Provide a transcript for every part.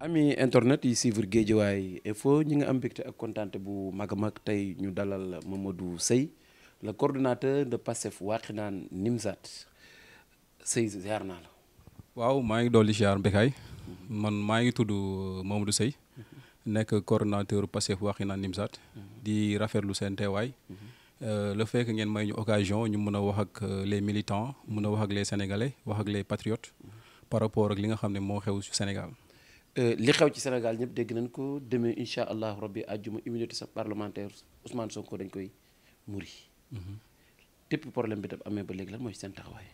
ami internet yi suivre Guédiawaye info ñi nga am mbégte ak kontaante bu mag a mag tey ñu dalal Mamadou Seye le coordonnateur de Pastef Wakhinane Nimzatt Seye ziar naa la. waaw maa ngi dolli ziar Mbekaay man maa ngi tudd euh, Mamadou Seye nekk coordonnateur Pastef Wakhinane Nimzatt di rafetlu seen teewaay. Euh, le fait que ngeen may ñu occasion ñu mën a wax ak euh, les militants mën a wax ak les sénégalais wax ak les patriotes par rapport ak li nga xam ne moo xew ci Sénégal. Euh, li xaw ci Sénégal ñëpp dégg nañ ko demee incha allahu rabbi àjjuma immunité sa parlementaire Ousmane Sonko dañ koy muri depuis mhm. problème bi daf amee ba léegi lan mooy seen taxawaay.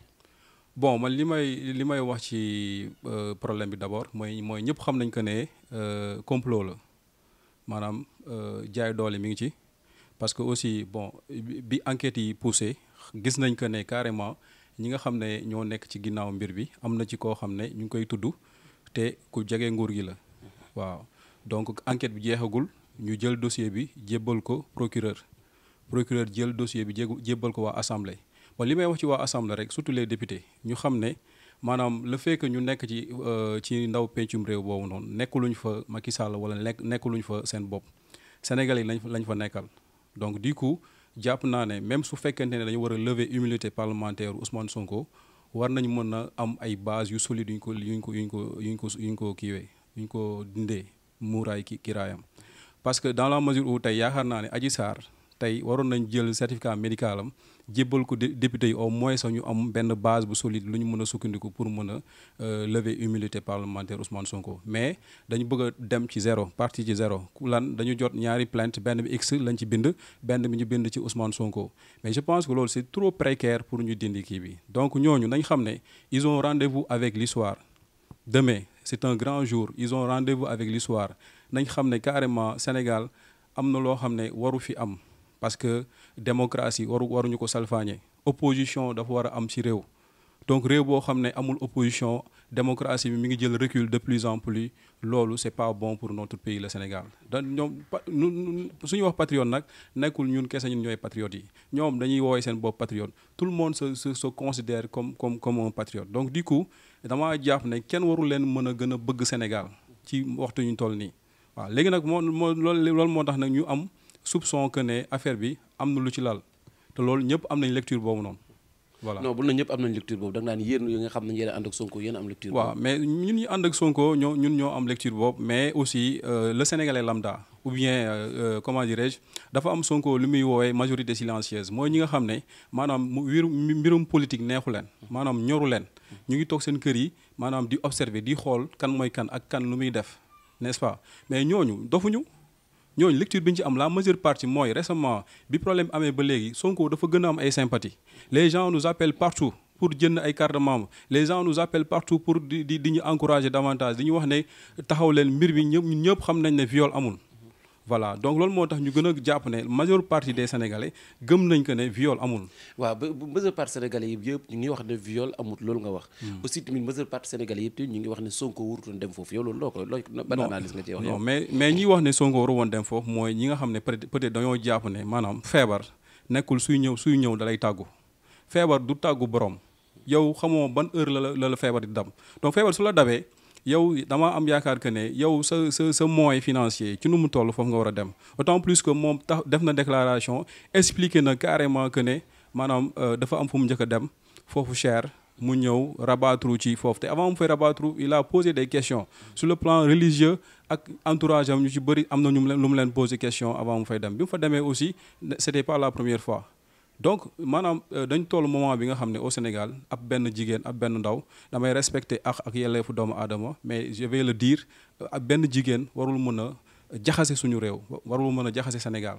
bon man li may li may wax ci euh, problème bi d' abord mooy mooy ñëpp xam nañ ko ne euh, complot la maanaam jaay doole mi ngi ci parce que aussi bon bi enquêtes yi poussé gis nañ ko ne carrément ñi nga xam ne ñoo nekk ci ginnaaw mbir bi am na ci koo xam ne ñu ngi koy tudd. te ku jege nguur gi la waaw donc enquête bi jeexagul ñu jël dossier bi jébbal ko procureur procureur jël dossier bi jébbal ko waa assemblée bon li may wax ci waa assemblée rek surtout les députés ñu xam ne maanaam le fekk ñu nekk ci euh, ci ndaw pencum réew boobu noonu nekkuluñ fa Macky Sall wala nekk nekkuluñ fa seen bopp Sénégal yi lañ lañ fa nekkal donc du coup jàpp naa ne même su fekkente ne dañu war a lever immunité parlementaire Ousmane Sonko. war nañ mën a am ay base yu solide yuñ ko yuñ ko yuñ ko yuñ ko yuñ ko kiiwee yuñ ko dindee muuraay ki kiraayam parce que dans la mesure où tey yaakaar naa ne aji Sarr tey waroon nañ jël certificat médical am jébbal ko député yi au moins sax ñu am benn base bu solide lu ñu mën a sukkandiku pour mën a euh, lever humilité parlementaire Ousmane Sonko mais dañu bëgg a dem ci zéro parti ci zéro lan dañu jot ñaari plainte benn bi x lañ ci bind benn bi ñu bind ci Ousmane Sonko mais je pense que loolu c'est trop précaire pour ñu dindi kii bi donc ñooñu nañ xam ne ils ont rendez-vous avec l'histoire demain c'est un grand jour ils ont rendez-vous avec l'histoire nañ xam ne carrément Sénégal am na loo xam ne waru fi am parce que démocratie waru waruñu ko salfañé opposition dafa wara am ci réew donc réew bo xamné amul opposition démocratie bi mi ngi jël recul de plus en plus lolu c'est pas bon pour notre pays le Sénégal donc ñom suñu wax patriote nak nekul ñun kese ñun ñoy patriote yi ñoom dañuy woowee sen bopp patriote tout le monde se se se considère comme comme comme un patriote donc du coup dama jàpp né kenn waru leen mëna gëna bëgg Sénégal ci waxtu ñu toll ni wa légui nak moo moo loolu loolu tax nag ñu am soupçon que ne affaire bi am lu ci lal te loolu ñëpp am nañ lecture bobu non. voilà non bu na ñëpp am nañ lecture bobu da nga naan yéen yi nga xam ne and ak Sonko yeen am lecture waaw mais ñun ñi and ak Sonko ñun ñoo am lecture bobu mais aussi euh, le Sénégalais lambda ou bien euh, euh, comment dirais-je dafa am Sonko lu muy majorité silencieuse mooy ñi nga xam manam mu mbirum politique neexu len manam ñoru leen ñu ngi tok seen kër yi manam di observer di xol kan moy kan ak kan lu muy def n'est-ce pas mais ñoñu dofuñu ñooñu lecture biñ ci am la majeure partie mooy récemment bi problème amee ba léegi Sonko dafa gën a am ay sympathie les gens nous appellent partout pour jënd ay carte les gens nous appellent partout pour di di encourager davantage di ñu wax ne taxaw leen mbir bi ñëpp ñun xam nañ viol amul voilà donc loolu moo tax ñu gën a jàpp ne majeure partie des sénégalais gëm nañ que ne viol amul. waaw ba majeure partie yi yëpp ñu ngi wax ne viol amul loolu nga wax. Hmm. aussi tamit majeure partie sénégalais yëpp ñu ngi wax ne Sonko warutoon dem foofu yow loolu loo ko loo ban analyse nga cee wax. non mais mais ñi wax ne Sonko waru woon dem foofu mooy ñi nga xam ne peut dañoo jàpp ne maanaam feebar nekkul suy ñëw suy ñëw dalay tàggu feebar du tàggu borom yow xamoo ban heure la la la feebar di dam donc feebar su la dabee. yow y am que yow moyen financier ci dem autant plus que moom tax déclaration explique carrément que ne maanaam euh, dafa am fu mu a dem foofu cher mu ñëw rabattre ci avant il a posé des questions sur le plan religieux ak entourage am ñu ci bëri question avant mu fay dem bi mu aussi pas la première fois donc maanaam euh, dañ toll moment bi nga xam ne au Sénégal ab benn jigéen ab benn ndaw damay respecter ak ak yelleefu doomu aadama mais je vais le dire euh, ab benn jigéen warul mën a jaxase suñu réew warul mën a jaxase Sénégal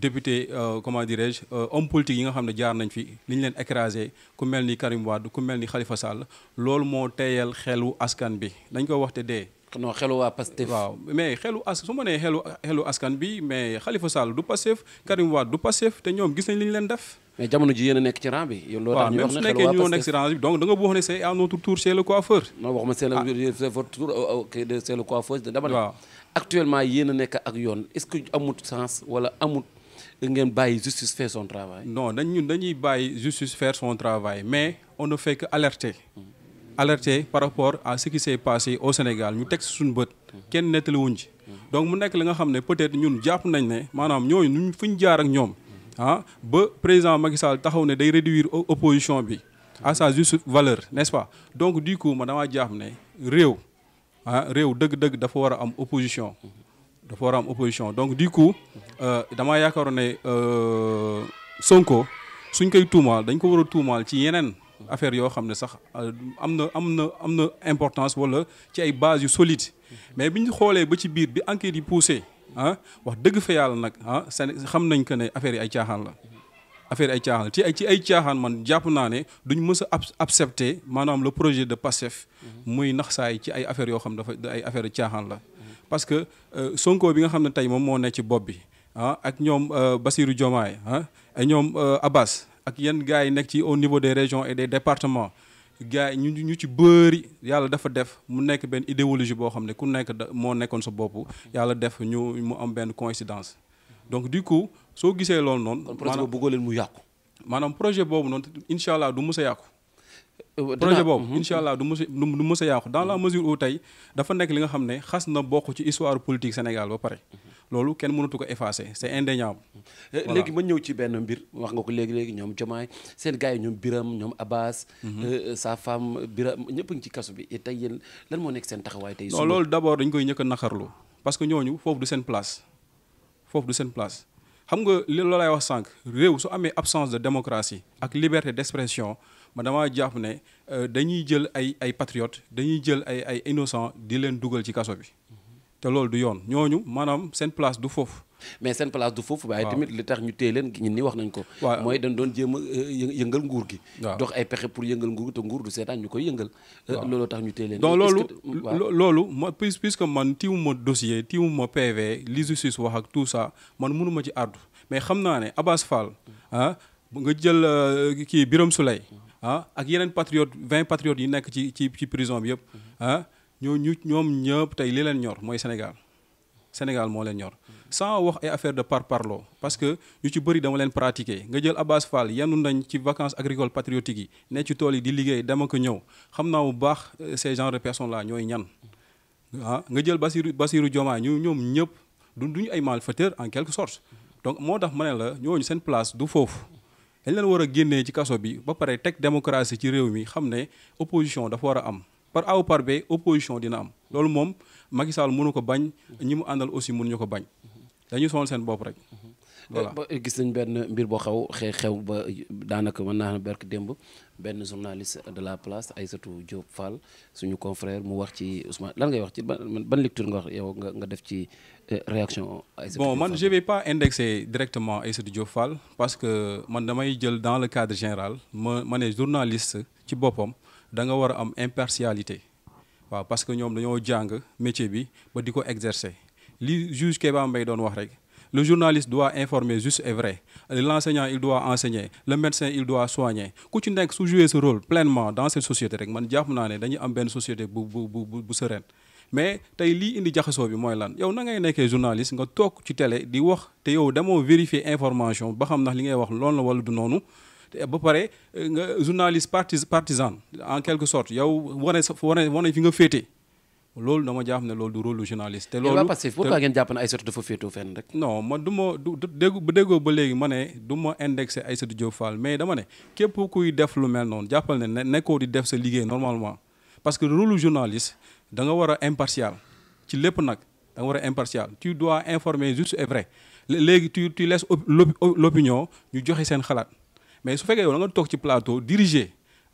député euh, comment dirais-je euh, homme politique yi nga xam ne jaar nañ fi li leen écrasé ku mel Karim Wade ku mel Khalifa Sall loolu moo teyal xelu askan bi dañ ko waxte dé non xelu waa Pastef waaw mais xelu as su ma nee xelu xelu askan bi mais Khalifa Sall du Pastef Karim Wade du Pastef té ñom gis nañ liñ leen def. mais jamono ji yéna nek ci rang bi. yow loolu tax ñu wax ne xelu wa Pastef donc da nga wax né c'est à notre tour chez le coiffeur. non waxuma c'est ah. votre tour euh, euh, chez le coiffeur dama actuellement yéna nek ak yoon est-ce que amut sens wala amut ngeen bàyyi justice faire son travail. non dañ ñun dañuy bàyyi justice faire son travail mais on ne fait que alerter. Mm. alerter par rapport à ce qui s'est passé au Sénégal ñu teg si suñu bët. Mm-hmm. kenn nettaliwuñ ci. Mm-hmm. donc mu nekk li nga xam ne peut-être ñun jàpp nañ ne maanaam ñooñu ñu fuñ jaar ak ñoom. Mm-hmm. ah ba président Macky Sall taxaw ne day réduire opposition bi. à sa juste valeur n'est-ce pas donc du coup ma dama jàpp ne réew ah réew dëgg-dëgg dafa war a am opposition de forum opposition donc du coup euh, dama yaakaaroon euh Sonko suñ koy tuumaal dañ ko wara a ci yenen affaire yo xam ne sax euh, amna amna amna importance wala ci ay bases solide mais biñ xolé ba ci biir bi enquête yi poussé ah wax deug fa yalla nak ah xam nañ que né affaire yi ay tiaxan la. affaire ay tiaxan ci ay ci ay man japp naa ne duñ mës accepter manam le projet de passef mmh. muy naxsaay ci ay affaire yo xam dafa ay affaire tiaxan la parce que euh, Sonko bi nga xam tay mom mo ne ci bopp bi ah ak ñoom euh, Basirou Diomaye ah ak ñoom euh, Abbas ak yenn gars yi ci au niveau des régions et des départements gars ñu ñu ci bëri yalla dafa def mu nekk Ben, idéologie bo xam ku nekk mo nekkon sa bop yalla def ñu mu am ben coïncidence donc du coup so gisee lool non manam projet bobu mu projet boobu non, incha du mus a Euh, projet boobu mhm. incha allah du mos a du mos a yàqu dans la mesure où tey dafa nekk li nga xam ne xas na bokk ci histoire politique Sénégal ba pare mhm. loolu kenn mënatu ko effacer c'est indéniable. Euh, léegi ma ñëw ci benn mbir wax nga ko léegi léegi ñoom Diomaye seen gars yi ñoom Birame ñoom Abbas. Mhm. Euh, sa femme Birame ñëpp ngi ci kaso bi tey yéen lan moo nekk seen taxawaay tey. non loolu d'abord dañ koy ñëkk a naqarlu parce que ñooñu foofu du seen place foofu du seen place. xam nga li loolay wax sànq réew su amee absence de démocratie ak liberté d'expression ma dama jàpp ne euh, dañuy jël ay ay patriotes dañuy jël ay ay innocents di leen dugal ci kaso bi te loolu du yoon ñooñu maanaam seen place du foofu mais une place du tamit li tax ñu leen wax nañ ko dañ a euh, yëngal nguur gi dox ay pour yëngal nguur te nguur du euh, puisque man dossier mo PV li justice wax ak tout ça mais xam Fall mm. ah, nga jël euh, ah, ak patriotes yi ci prison bi mm. ah, ñoo ñu Sénégal Sénégal mo leen ñor sans wax ay affaire de par parlo parce que ñu ci bëri dama len pratiquer nga jël Abbas Fall yanu nañ ci vacances agricoles patriotiques yi ne ci tool yi di liggéey dama ko ñëw xamna wu baax euh, ces genre de personnes là ñoy ñan ah, nga jël Basirou Basirou Diomaye ñu ñom ñëpp duñu ay malfaiteurs en quelque sorte donc moo tax ma ne la ñooñu seen place du fofu Elle leen wara génné ci kasso bi ba pare tek démocratie ci réew mi xamné opposition dafa wara am par A ou par B opposition dina am loolu moom Macky Sall mënu ko bañ ñi mu àndal aussi mënuñu ko bañ dañu sonal seen bopp rek voilà eh, ba gis nañ benn mbir boo xaw xew xew ba daanaka mën naa berk démb benn journaliste de la place Aïssatou Diop Fall suñu confrère mu wax ci Ousmane lan ngay wax ci ban ban lecture nga wax yow nga nga def ci eh, réaction Aïssatou bon man je vais pas indexer directement Aïssatou Diop Fall parce que man damay jël dans le cadre général ma ma ne journaliste ci boppam da nga war a am impartialité waaw parce que ñoom dañoo jàng métier bi ba di ko exercer li juge Kéba Mbaye doon wax rek le journaliste doit informer juste et vrai l'enseignant il doit enseigner le médecin il doit soigner ku ci nekk su jouer ce rôle pleinement dans cette société rek man jàpp naa ne dañuy am benn société bu bu bu bu sereine mais tey lii indi jaxasoo bi mooy lan yow na ngay nekkee journaliste nga toog ci télé di wax te yow demoo vérifier information ba xam ndax li ngay wax loolu la wala du noonu ba pare euh, nga journaliste partisan en quelque sorte yow wane sa wane fi nga fété loolu dama jàpp ne loolu du rôle journaliste. te loolu parce que pourquoi ngeen jàpp ne Aïssatou dafa féetoo fenn rek. non man du ma du dégg bu déggoo ba léegi ma ne du ma indexé Aïssatou Diop Fall mais dama ne képp kuy def lu mel noonu jàppal ne nekkoo di def sa liggéey normalement. parce que rôle journaliste da nga war a impartial ci lépp nag da nga war a impartial tu dois informer juste et vrai léegi tu tu laisses l'opinion ñu joxe seen xalaat mais su fekkee yow da nga toog ci plateau diriger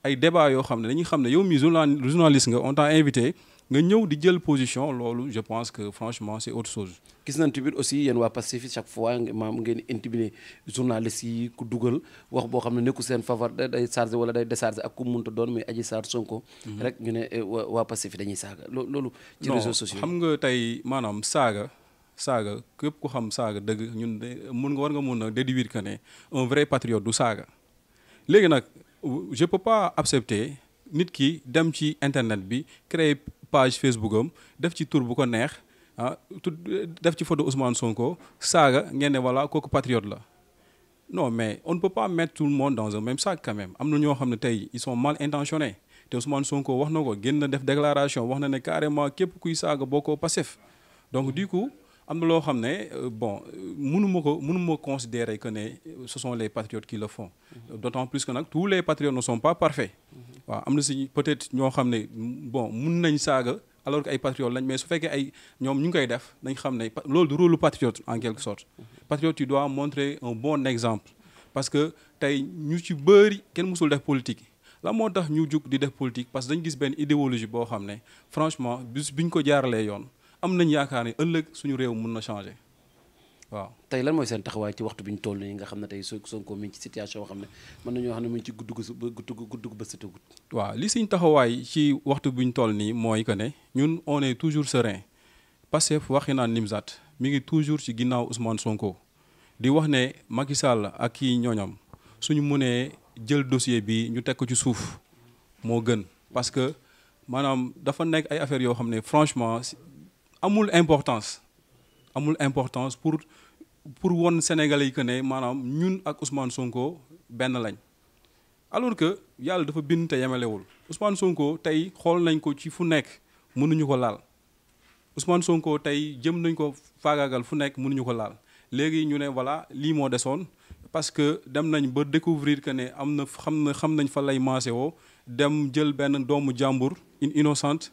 ay débat yoo xam ne dañuy xam ne yow mi journaliste nga on t'a invité nga ñëw di jël position loolu je pense que franchement c'est autre chose gis nañ tamit aussi yéen waa Pastef chaque fois maam ngeen intimider journaliste yi ku dugal wax boo xam ne nekku seen faveur day chargé wala day décharger ak ku munta doon muy Adji Sarr Sonko mhm. rek ñu ne eh, waa Pastef dañuy saaga loolu ci réseaux sociaux xam nga tey maanaam saaga saaga képp ku xam saaga dëgg ñun de mun nga war nga mun a déduire que ne un vrai patriote du saaga léegi nag je peux pas accepter nit ki dem ci internet bi créer page Facebook am def ci tour bu ko neex ah, def ci photo Ousmane Sonko saaga ngeen ne voilà kooku patriote la non mais on ne peut pas mettre tout le monde dans un même sac quand même am na ñoo xam ils sont mal intentionnés te Ousmane Sonko wax na ko génn na def déclaration wax na ne carrément képp kuy saaga boo ko donc du coup. Je pense ne euh, bon pas considérer que euh, ce sont les patriotes qui le font mm-hmm. d'autant plus que tous les patriotes ne sont pas parfaits mm-hmm. peut-être qu'ils xam ne bon nañ alors que les patriotes mais su fait ay ñoom ñu fait, koy def le rôle ne du patriote en quelque sorte mm-hmm. patriote tu dois montrer un bon exemple parce que nous sommes ci bëri politiques. mësul def politique la moo ñu politiques, parce que nous avons une idéologie Franchement, franchement bis bi gens am nañ yaakaar ne ëllëg suñu réew mun na changer waaw. tey lan mooy seen taxawaay ci waxtu bi ñu toll nii nga xam ne tey Sonko mi ngi ci situation yoo xam ne mën nañoo xam ne mu ngi ci gudd gu gudd gu bës waaw li suñ taxawaay ci waxtu bi ñu toll nii mooy que ne ñun on est toujours serein Pastef waxi naan Nimzat mi ngi toujours ci ginnaaw Ousmane Sonko di wax ne Macky Sall ak kii ñooñam suñu mënee jël dossier bi ñu teg ko ci suuf moo gën parce que maanaam dafa nekk ay affaires yoo xam ne franchement amul importance amul importance pour pour won Sénégalais yi que né manam ñun ak Ousmane Sonko ben lañ alors que yalla dafa bind te wul Ousmane Sonko tay xol nañ ko ci fu nek mënuñu ko laal Ousmane Sonko tay jëm nañ ko fagagal fu nek mënuñu ko laal légui ñu voilà li mo déssone parce que dem nañ ba découvrir que ne amna xam na xam nañ fa lay wo dem jël ben doomu jambour une innocente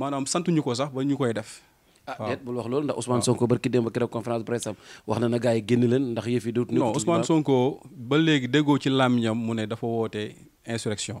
maanaam santuñu ko sax ba ñu koy def. ah déet bul wax loolu ndax Ousmane Sonko barki démb ba keroog conférence presse am wax na na gars yi génn leen ndax yëf yi dootuñu. non Ousmane Sonko ba léegi déggoo ci làmmiñam mu ne dafa woote insurrection.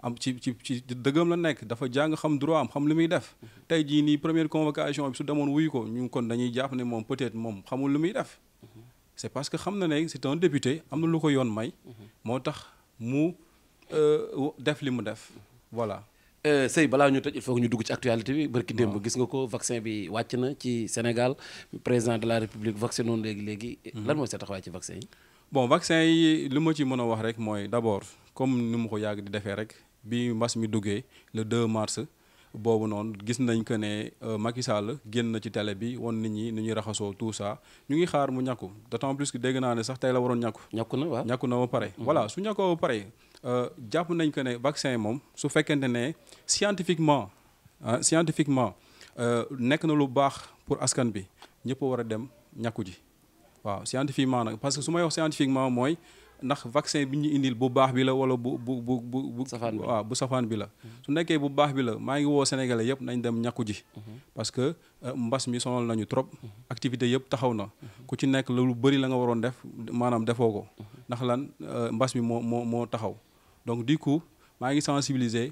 am ci ci ci dëggam la nekk dafa jàng xam droit am xam li muy def tey jii nii première convocation bi su demoon wuyu ko ñu kon dañuy jàpp ne moom peut-être moom xamul lu muy def c'est parce que xam na ne c'est un député am na lu ko yoon may moo tax mu euh, def li mu def voilà euh, sëy balaa ñu tëj il faut que ñu dugg ci actualité bi bërki démb gis nga ko vaccin bi wàcc na ci Sénégal président de la République vacciné noonu léegi léegi mhm. lan mooy sa taxawaay ci vaccin yi bon vaccin yi li ma ci mën a wax rek mooy d'abord comme ni mu ko yàgg di defee rek bi mbas mi duggee le deux mars boobu noonu gis nañ que ne euh, Macky Sall génn na ci télé bi won nit ñi ni ñuy raxasoo tout ça ñu ngi xaar mu ñàkku d'autant plus que dégg naa ne sax tey la waroon ñàkku. ñàkku na waaw ñàkku na ba pare. Mm-hmm. voilà su ñàkkoo ba pare euh, jàpp nañ que ne vaccin moom su fekkente ne scientifiquement ah scientifiquement euh, nekk na lu baax pour askan bi ñëpp war a dem ñàkku ji waaw scientifiquement nag parce que su may wax scientifiquement mooy. ndax vaccin bi ñu indil bu baax bi la wala bu bu bu bu. safaan bi waaw bu safaan bi la. Mhm. su nekkee bu baax bi la maa ngi woo sénégalais yëpp nañ dem ñàkku ji. Mhm. parce que euh, mbas mi sonal nañu trop. Mhm. activité yëpp taxaw na. ku ci nekk lu bëri la nga waroon def maanaam defoo ko. ndax lan euh, mbas mi moo moo moo taxaw. donc du coup maa ngi sensibiliser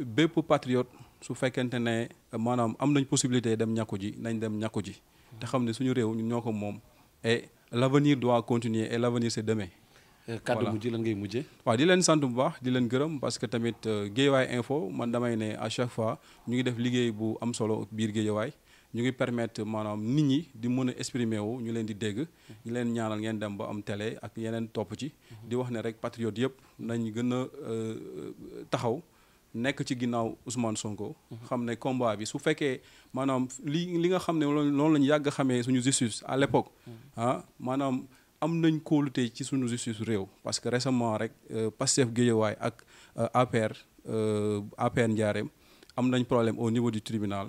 bépp patriote su fekkente ne maanaam am nañ possibilité dem ñàkku ji nañ dem ñàkku ji. te xam ne suñu réew ñun ñoo ko moom et l' avenir doit continuer Euh, kàddu mujj lan ngay mujjee waaw di leen sant bu baax di leen gërëm parce que tamit euh, Guédiawaye info man damay ne à chaque fois ñu ngi def liggéey bu am solo biir Guédiawaye ñu ngi permettre maanaam nit ñi di mën a exprimer wu ñu leen di dégg ñu leen ñaanal ngeen dem ba am télé ak yeneen topp ci di wax ne rek patriote yëpp nañ gën a euh, taxaw nekk ci ginnaaw Ousmane Sonko. xam ne combat bi su fekkee maanaam li li nga xam ne loolu la ñu yàgg xamee suñu justice à l'époque mm. ah am nañ kóolute ci suñu justice réew parce que récemment rek euh, Pastef Guédiawaye ak euh, APR euh, APR Ndiarème am nañ problème au niveau du tribunal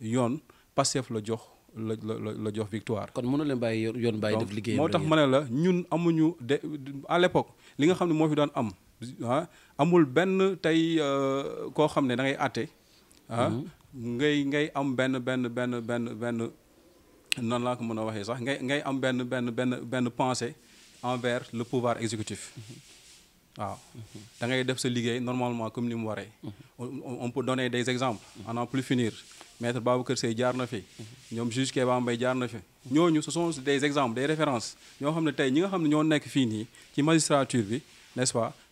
yoon Pastef la jox la la la jox victoire. kon mënu leen bàyyi yoon bàyyi def liggéeyam moo tax ma ne la ñun amuñu de à l'époque li nga xam ne moo fi daan am ah amul benn tey koo xam ne da ngay àtte mm-hmm. ngay ngay am benn benn benn benn benn. Non, laa ko mën sax ngay ngay am ben ben ben pensée envers le pouvoir exécutif waaw da ngay def sa normalement comme ni mu waré on peut donner des exemples on n'en plus finir maître Babacar Seye jaar na fi ñom juge Kéba Mbaye jaar na fi ce sont des exemples des références Nous, xamne ne ñi nga xamne ñoo nekk fii ci magistrature bi n'est-ce pas